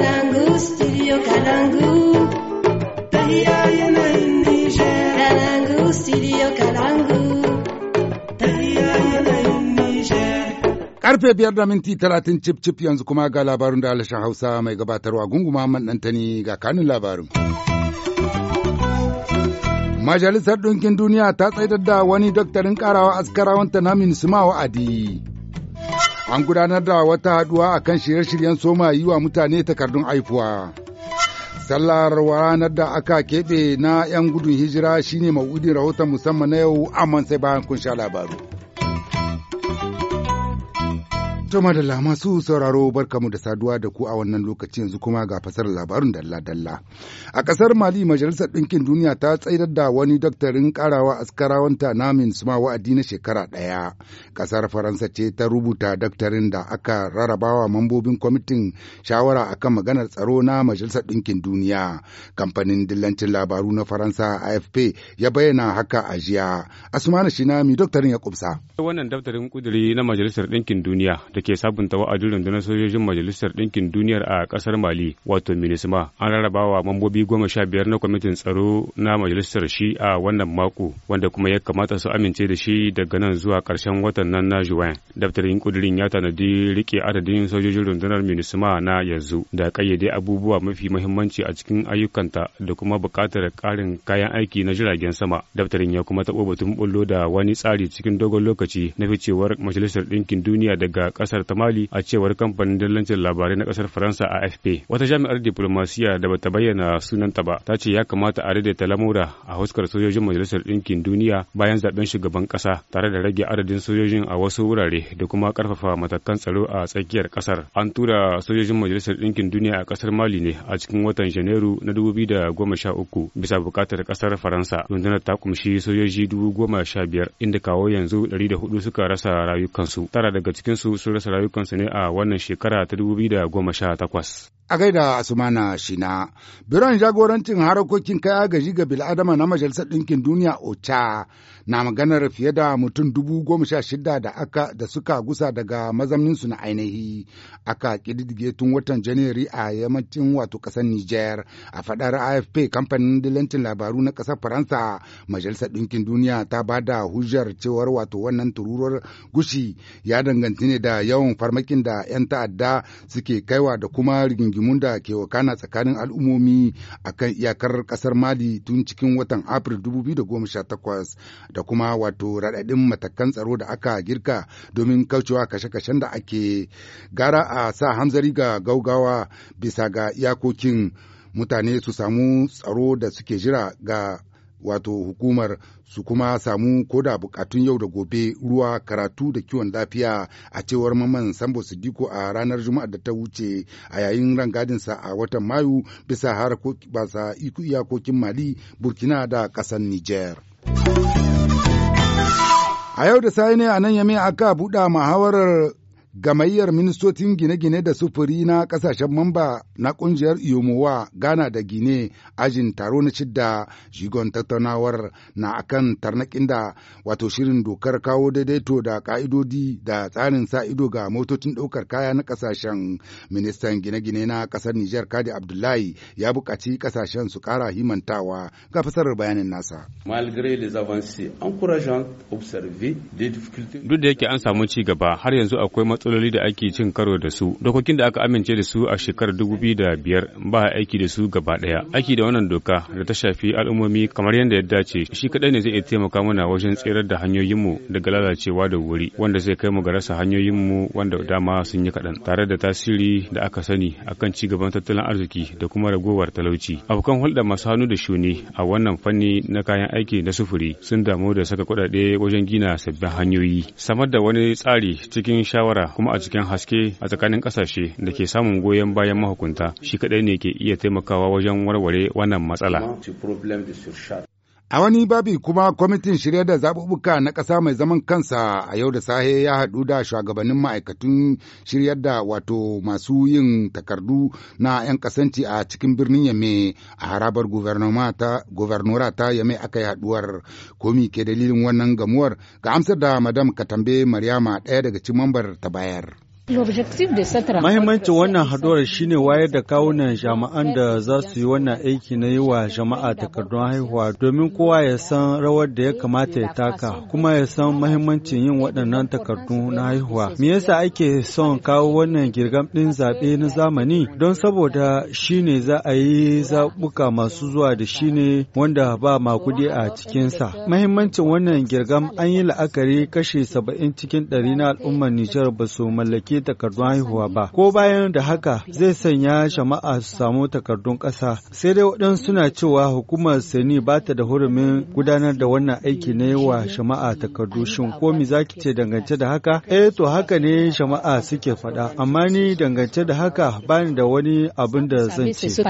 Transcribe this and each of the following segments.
Kalangu, studio Kalangu. Tahiya yanayin Nijar. Kalangu, studio Kalangu. Tahiya yanayin Nijar. Karfe biyar da minti talatin cip cip yanzu kuma ga labarin da alashan Hausa mai gabatarwa gungu Muhammad Dantani ga kanun labarin. Majalisar Ɗinkin Duniya ta tsaidar da wani daktarin ƙarawa askarawanta ta na Minisuma wa'adi. an gudanar da wata haduwa kan shirye-shiryen soma yi wa mutane takardun haifuwa. Sallar ranar da aka keɓe na 'yan gudun hijira shine maudin rahoton musamman na yau amma sai bayan kun sha labaru. Toma da masu sauraro barkamu da saduwa da ku a wannan lokaci yanzu kuma ga fasar labarin dalla-dalla. A ƙasar Mali Majalisar Ɗinkin Duniya ta tsaidar da wani daktarin karawa askarawanta na suma wa'adi na shekara ɗaya. kasar Faransa ce ta rubuta daktarin da aka rarrabawa mambobin kwamitin shawara akan maganar tsaro na Majalisar Ɗinkin Duniya. Kamfanin dillancin labaru na Faransa AFP ya bayyana haka a jiya. Asmanu Shinami daktarin ya kubsa. Wannan daftarin kuduri na Majalisar Ɗinkin Duniya da ke sabunta wa'adin rundunar sojojin Majalisar Ɗinkin Duniyar a ƙasar Mali wato Minisma an rarrabawa wa mambobi goma sha biyar na kwamitin tsaro na majalisar shi a wannan mako wanda kuma ya kamata su amince da shi daga nan zuwa ƙarshen watan nan na Juwan. Daftarin ƙudurin ya tanadi rike adadin sojojin rundunar Minisma na yanzu da ƙayyade abubuwa mafi muhimmanci a cikin ayyukanta da kuma buƙatar ƙarin kayan aiki na jiragen sama. Daftarin ya kuma taɓo batun bullo da wani tsari cikin dogon lokaci na ficewar Majalisar Ɗinkin Duniya daga kasar ta Mali a cewar kamfanin dillancin labarai na kasar Faransa AFP. Wata jami'ar diplomasiya da bata bayyana sunanta ba ta ce ya kamata a daidaita lamura a huskar sojojin Majalisar Ɗinkin Duniya bayan zaben shugaban ƙasa tare da rage adadin sojojin a wasu wurare da kuma karfafa matakan tsaro a tsakiyar ƙasar. An tura sojojin Majalisar Ɗinkin Duniya a ƙasar Mali ne a cikin watan Janairu na 2013 bisa bukatar ƙasar Faransa. Rundunar ta kumshi sojoji 15,000 inda kawo yanzu 400 suka rasa rayukansu. Tara daga cikinsu sun rasa rayukansu ne a wannan shekara ta 2018. a gaida Asumana Shina. Biron jagorancin harakokin kaya gaji ga bil'adama na Majalisar Ɗinkin Duniya OCHA na maganar fiye da mutum dubu goma sha shida da aka da suka gusa daga mazamninsu na ainihi aka kididige tun watan Janairu a yammacin wato ƙasar Nijar a faɗar AFP kamfanin dilancin labaru na ƙasar Faransa Majalisar Ɗinkin Duniya ta ba da hujjar cewar wato wannan tururuwar gushi ya danganci ne da yawan farmakin da 'yan ta'adda suke kaiwa da kuma rigingimun da ke wakana tsakanin al'ummomi a kan iyakar kasar Mali tun cikin watan Afril 2018 da kuma wato raɗaɗin matakan tsaro da aka girka domin kaucewa kashe-kashen da ake gara a sa hamzari ga gaugawa bisa ga iyakokin mutane su samu tsaro da suke jira ga wato hukumar su kuma samu ko da bukatun yau da gobe ruwa karatu da kiwon lafiya a cewar maman sambo sidiko a ranar Juma'a da ta wuce a yayin rangadinsa a watan mayu bisa basa iyakokin mali burkina da ƙasar niger a yau da sai ne a nan yame aka buɗa muhawarar gamayyar ministocin gine-gine da sufuri na kasashen mamba na kungiyar yomowa ghana da gine ajin taro na cidda shigon tattaunawar na akan tarnakin da wato shirin dokar kawo daidaito da ƙa'idodi da tsarin sa ido ga motocin ɗaukar kaya na kasashen ministan gine-gine na ƙasar nijar kadi abdullahi ya buƙaci kasashen su ƙara himantawa ga fasarar bayanin nasa duk da yake an samu ci gaba har yanzu akwai matsaloli da ake cin karo da su dokokin da aka amince da su a shekarar dubu biyu da biyar ba aiki da su gaba daya aiki da wannan doka da ta shafi al'ummomi kamar yadda ya dace shi kadai ne zai iya taimaka mana wajen tserar da hanyoyinmu daga lalacewa da wuri wanda zai kai mu ga rasa hanyoyinmu wanda dama sun yi kaɗan tare da tasiri da aka sani akan ci gaban tattalin arziki da kuma ragowar talauci abokan hulɗa masu hannu da shuni a wannan fanni na kayan aiki na sufuri sun damu da saka kuɗaɗe wajen gina sabbin hanyoyi samar da wani tsari cikin shawara kuma a cikin haske a tsakanin kasashe da ke samun goyon bayan mahukunta shi kadai ne ke iya taimakawa wajen warware wannan matsala. A wani babi kuma kwamitin shirya da zaɓuɓɓuka na ƙasa mai zaman kansa a yau da sahe ya haɗu da shugabannin ma'aikatun shiryar da wato masu yin takardu na 'yan kasanci a cikin birnin Yame a harabar gubernora ta Yame aka yi haɗuwar komi ke dalilin wannan gamuwar ga amsar da Madam Katambe Maryama ɗaya daga cikin mambar ta bayar. Mahimmancin wannan haduwar shine wayar da kawunan jama'an da za su yi wannan aiki na yi wa jama'a takardun haihuwa domin kowa ya san rawar da ya kamata ya taka kuma ya san mahimmancin yin waɗannan takardu na haihuwa. Me yasa ake son kawo wannan girgam ɗin zaɓe na zamani? Don saboda shine za a yi zaɓuka masu zuwa da shine wanda ba makudi a cikinsa. Mahimmancin wannan girgam an yi la'akari kashe saba'in cikin ɗari na al'ummar Nijar ba su mallaki karbi takardun haihuwa ba ko bayan da haka zai sanya jama'a su samu takardun ƙasa sai dai waɗansu suna cewa hukumar sani ba ta da hurumin gudanar da wannan aiki ne wa jama'a takardu shin ko mi zaki ce dangance da haka eh to haka ne jama'a suke faɗa amma ni dangance da haka bani da wani abin da zan ce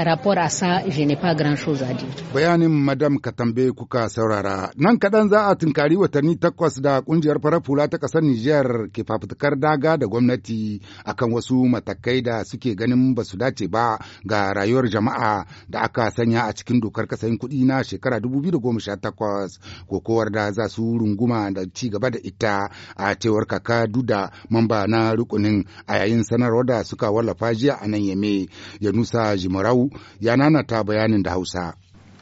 bayanin madam katambe kuka saurara nan kaɗan za a tunkari watanni takwas da ƙungiyar farar fula ta ƙasar Nijar ke fafutukar daga da gwamnati akan wasu matakai da suke ganin ba su dace ba ga rayuwar jama'a da aka sanya a cikin dokar kasayin kuɗi na shekara 2018 kokowar da za su runguma da ci gaba da ita a cewar kaka duda mamba na rukunin a yayin sanarwar da suka wallafa jiya a nan yame yanusa jimarau ya nanata bayanin da hausa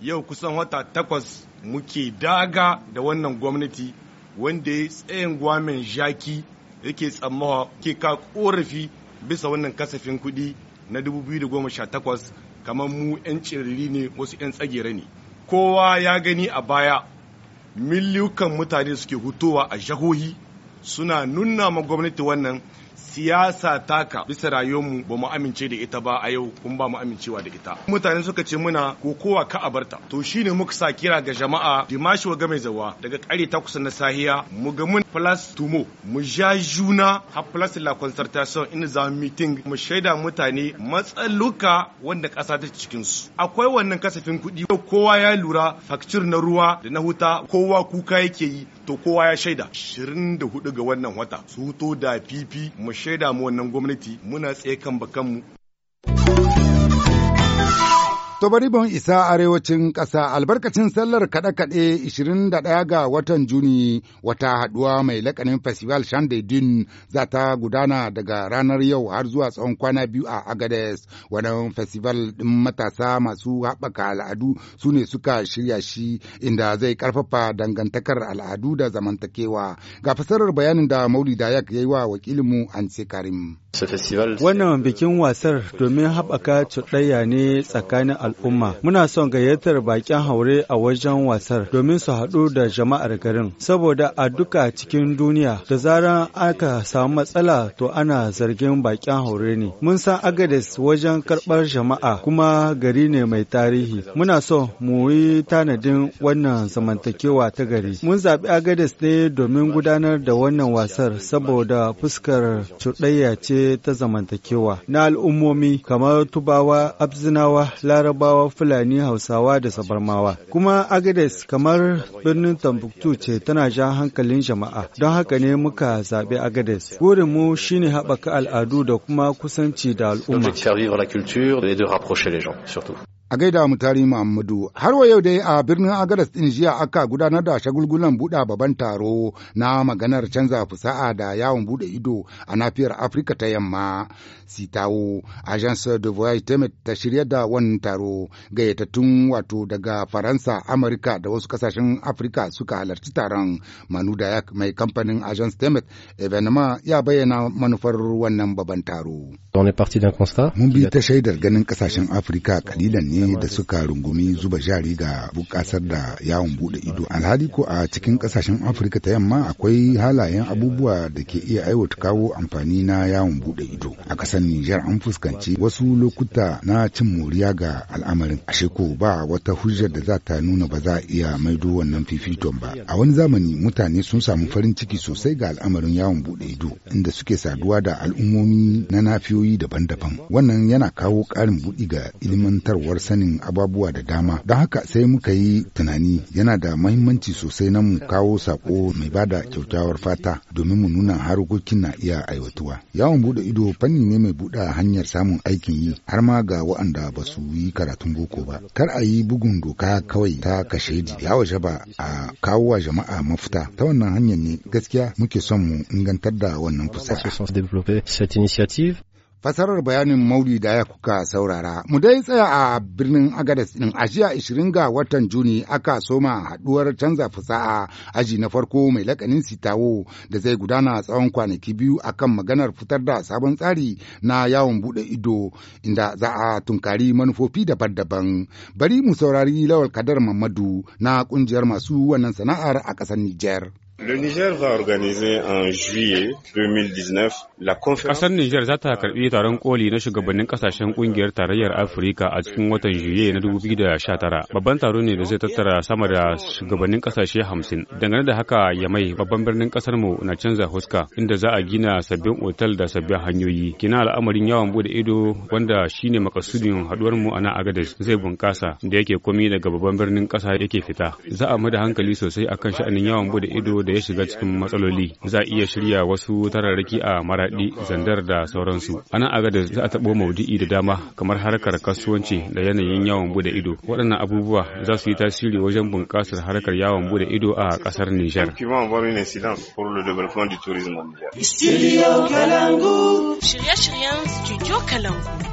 yau kusan wata takwas muke daga da wannan gwamnati wanda ya tsayin gwamin jaki yake tsammawa ke ka korafi bisa wannan kasafin kuɗi na 2018 kamar mu 'yan ciriri ne wasu 'yan tsagera ne kowa ya gani a baya miliyukan mutane suke hutowa a jahohi suna nuna ma gwamnati wannan siyasa taka bisa rayuwarmu ba mu amince da ita ba a yau kun ba mu amincewa da ita mutane suka ce muna kokowa ka a barta to shine muka sa kira ga jama'a dimashi wa game zawa daga kare kusa na sahiya mu ga mun plus tumo mu ja juna ha plus la concertation in za meeting mu shaida mutane matsaluka wanda kasa ta cikin su akwai wannan kasafin kuɗi kowa ya lura facture na ruwa da na huta kowa kuka yake yi to kowa ya shaida 24 ga wannan wata su to da fifi mu shaida mu wannan gwamnati muna tsaye kan bakanmu To bari bon isa arewacin ƙasa albarkacin sallar kaɗe-kaɗe 21 ga watan Juni wata haɗuwa mai lakanin Festival Shandedin za ta gudana daga ranar yau har zuwa tsawon kwana biyu a Agades. Wannan festival ɗin matasa masu haɓaka al'adu su ne suka shirya shi inda zai ƙarfafa dangantakar al'adu da zamantakewa. Ga fasarar bayanin da Maulida Yak ya yi wa wakilinmu Anse Karim. Wannan bikin wasar domin haɓaka cuɗayya ne tsakanin al'umma. Muna son gayyatar bakin haure a wajen wasar domin su haɗu da jama'ar garin. Saboda a duka cikin duniya da zarar aka samu matsala to ana zargin bakin haure ne. Mun san Agades wajen karɓar jama'a kuma gari ne mai tarihi. Muna so mu yi tanadin wannan zamantakewa ta gari. Mun zaɓi Agades ne domin gudanar da wannan wasar saboda fuskar cuɗayya ce ta zamantakewa na al'ummomi kamar Tubawa, Abzinawa, Larabawa, Fulani, Hausawa da Sabarmawa. Kuma Agades kamar birnin Tambuktu ce tana ja hankalin jama'a, don haka ne muka zaɓi Agades. mu shine haɓaka al'adu da kuma kusanci da al'umma. a gaida tari Muhammadu har wa yau dai a birnin Agadas din jiya aka gudanar da shagulgulan buɗa baban taro na maganar canza fusa'a da yawon buɗe ido a nafiyar Afirka ta yamma Sitawo Agence de Voyage Temet ta shirya da wannan taro gayyatattun wato daga Faransa Amurka da wasu kasashen Afirka suka halarci taron Manu ya mai kamfanin Agence Temet Evenema ya bayyana manufar wannan baban taro. Mun bi ta shaidar ganin kasashen Afirka kalilan ne ne da suka rungumi zuba jari ga bukasar da yawon bude ido alhali ko a cikin kasashen afirka ta yamma akwai halayen abubuwa da ke iya aiwata kawo amfani na yawon bude ido a kasar nijar an fuskanci wasu lokuta na cin moriya ga al'amarin a ko ba wata hujjar da za ta nuna ba za a iya maido wannan fifiton ba a wani zamani mutane sun samu farin ciki sosai ga al'amarin yawon bude ido inda suke saduwa da al'ummomi na nafiyoyi daban-daban wannan yana kawo ƙarin buɗi ga ilimantarwar sanin ababuwa da dama don haka sai muka yi tunani yana da mahimmanci sosai na mu kawo sako mai bada kyaukyawar fata domin mu nuna harkokin na iya aiwatuwa yawon bude ido fanni ne mai buɗe hanyar samun aikin yi har ma ga waɗanda ba su yi karatun boko ba kar a yi bugun doka kawai ta kashe ya waje ba a kawo wa jama'a mafita ta wannan hanyar ne gaskiya muke son mu ingantar da wannan fasaha fasarar bayanin mauli da ya kuka saurara. Mu dai tsaya a birnin Agadas ɗin a jiya ishirin ga watan Juni aka soma haɗuwar canza fasaha aji na farko mai lakanin sitawo da zai gudana tsawon kwanaki biyu akan maganar fitar da sabon tsari na yawon buɗe ido inda za a tunkari manufofi daban-daban. Bari mu saurari Lawal Kadar Mamadu na ƙungiyar masu wannan sana'ar a ƙasar Nijar. Le Niger va organiser en juillet 2019 la conférence. ƙasar Niger za ta karbi taron koli na shugabannin ƙasashen ƙungiyar tarayyar Afirka a cikin watan juye na 2019. Babban taro ne da zai tattara sama da shugabannin kasashe 50. Dangane da haka ya mai babban birnin kasar mu na canza huska inda za a gina sabbin otal da sabbin hanyoyi. Kina al'amarin yawon bude ido wanda shine makasudin haduwar mu a nan Agadez zai bunkasa da yake komi daga babban birnin ƙasa yake fita. Za a da hankali sosai akan sha'anin yawon bude ido da ya shiga cikin matsaloli za a iya shirya wasu tararraki a maraɗi zandar da sauransu ana aga da za a taɓo maudu'i da dama kamar harkar kasuwanci da yanayin yawon bude ido waɗannan abubuwa za su yi tasiri wajen bunƙasar harkar yawon bude ido a ƙasar Nijar. Shirye-shiryen Studio Kalangu.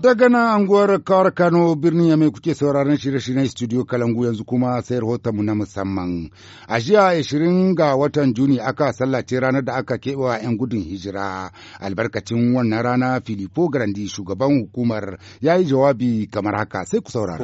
Daga nan anguwar kawar Kano birnin mai kuke sauraron shirye-shiryen studio Kalangu yanzu kuma sai rahotonmu na musamman. A jiya ashirin ga watan Juni aka sallace ranar da aka keɓe wa 'yan gudun hijira. Albarkacin wannan rana Filippo Grandi shugaban hukumar ya yi jawabi kamar haka sai ku saurara.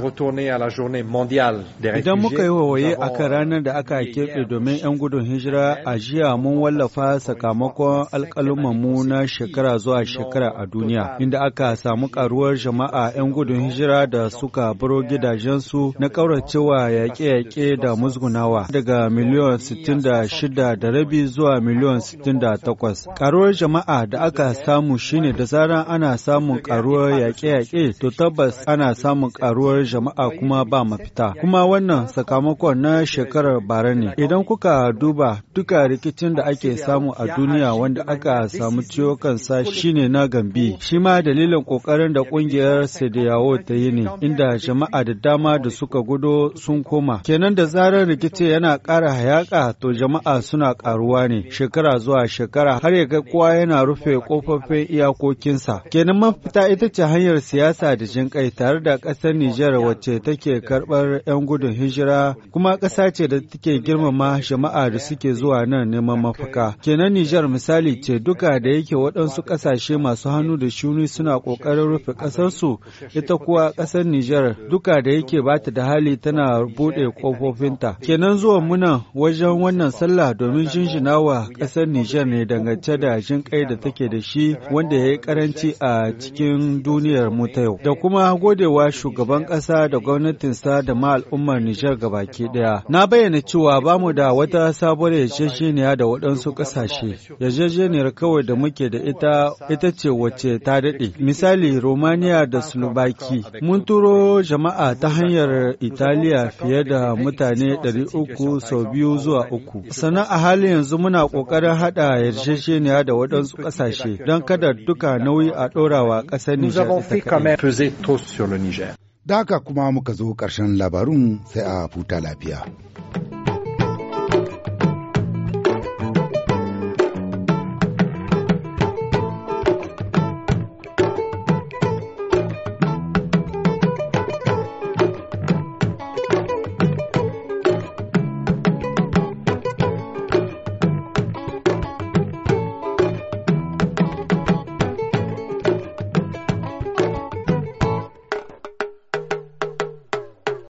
Idan muka yi wawaye aka ranar da aka keɓe domin 'yan gudun hijira a jiya mun wallafa sakamakon alƙalumanmu na shekara zuwa shekara a duniya inda aka samu karuwa. rayuwar jama'a 'yan gudun hijira da suka baro gidajensu na ƙauracewa yaƙe-yaƙe da musgunawa daga miliyan 66 da rabi zuwa miliyan 68. Karuwar jama'a da aka samu shine da zarar ana samun karuwar yaƙe-yaƙe to tabbas ana samun karuwar jama'a kuma ba mafita. Kuma wannan sakamakon na shekarar bara ne. Idan kuka duba duka rikicin da ake samu a duniya wanda aka samu ciwo kansa shine na gambi. Shi ma dalilin ƙoƙarin da ƙungiyar Sadiyawo ta yi ne, inda jama'a da dama da suka gudo sun koma. Kenan da zarar rikici yana ƙara hayaƙa to jama'a suna ƙaruwa ne shekara zuwa shekara har ya ga kowa yana rufe ƙofofin iyakokinsa. Kenan mafita ita ce hanyar siyasa da jinƙai tare da ƙasar Nijar wacce take karɓar 'yan gudun hijira kuma ƙasa ce da take girmama jama'a da suke zuwa nan neman mafaka. Kenan Nijar misali ce duka da yake waɗansu ƙasashe masu hannu da shuni suna ƙoƙarin rufe ƙasarsu ita kuwa ƙasar Nijar duka da yake bata da hali tana buɗe kofofinta. Kenan zuwa muna wajen wannan sallah domin jinjina wa ƙasar Nijar ne dangance da kai da take da shi wanda ya yi ƙaranci a cikin duniyar mu ta yau. Da kuma godewa shugaban ƙasa da gwamnatinsa da ma al'ummar Nijar gabaki ɗaya. Na bayyana cewa ba mu da wata sabuwar yarjejeniya da waɗansu ƙasashe. Yarjejeniyar kawai da muke da ita ita ce wacce ta daɗe. Misali Roma Romania da Slovakia. Mun turo jama'a ta hanyar Italiya fiye da mutane 300 sau biyu zuwa uku. Sannan a halin yanzu muna ƙoƙarin haɗa yarjejeniya da waɗansu ƙasashe don kada duka nauyi a ɗorawa ƙasar Niger. Da haka kuma muka zo ƙarshen labarun sai a futa lafiya.